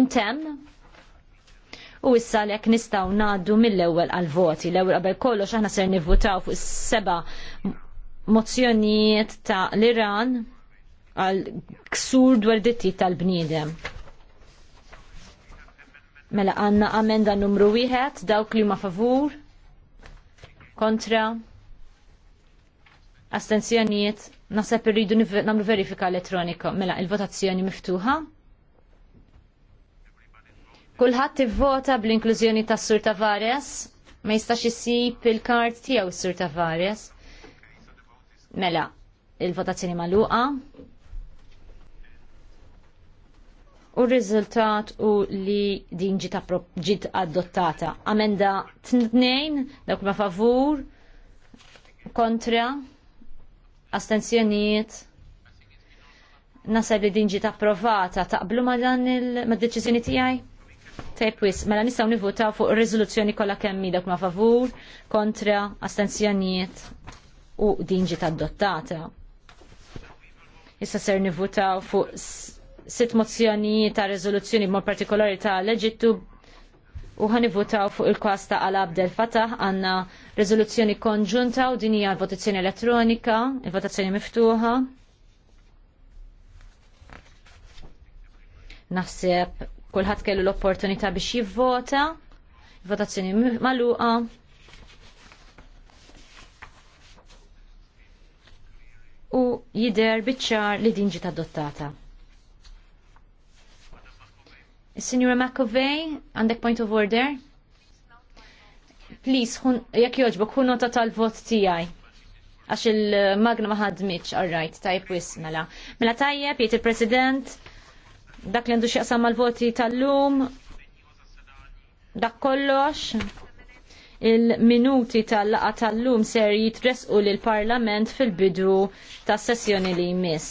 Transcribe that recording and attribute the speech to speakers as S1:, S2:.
S1: intemm u issa lek nistaw naddu mill-ewwel għal-voti. L-ewwel qabel kollox aħna ser nivvutaw fuq is-seba' mozzjonijiet ta' l-Iran għal ksur dwar ditti tal-bniedem. Mela għanna amenda numru wieħed dawk li ma favur, kontra, astenzjonijiet, naħseb irridu nagħmlu verifika elettronika. Mela il-votazzjoni miftuħa. Kulħadd ivvota bl-inklużjoni tas Sur Tavares, ma jistax isib il-kart tiegħu s-Sur Tavares. Mela, il-votazzjoni magħluqa. U r-riżultat u li din ġiet adottata. Amenda tnejn, dawk ma favur, kontra, astenzjonijiet nasab li din ġiet approvata taqblu ma dan il-deċiżjoni tiegħi? Tajb wis, mela nistgħu nivvotaw fuq ir-riżoluzzjoni kollha kemm dak ma' favur, kontra, astensjonijiet u din ġiet adottata. Issa ser nivvotaw fuq sitt mozzjonijiet ta' riżoluzzjoni b'mod partikolari ta' leġittu eġittu u ħanivvotaw fuq il-kwas ta' Alab del Fatah għanna riżoluzzjoni konġunta u din hija votazzjoni elettronika, il-votazzjoni miftuħa. Naħseb Kulħadd kellu l-opportunità biex jivvota, votazzjoni magħluqa. U jider biċċar li din ġiet adottata. Signora McAvey, għandek point of order? Please, jekk joġbok, hun nota tal-vot tijaj. Għax il-magna maħadmiċ, all right, tajb wis, mela. Mela tajjeb, jiet il-president, dak li għandu xieqsam mal-voti tal-lum, dak kollox, il-minuti tal-laqa tal-lum ser jitresqu l-parlament fil-bidu ta' sessjoni li jmiss.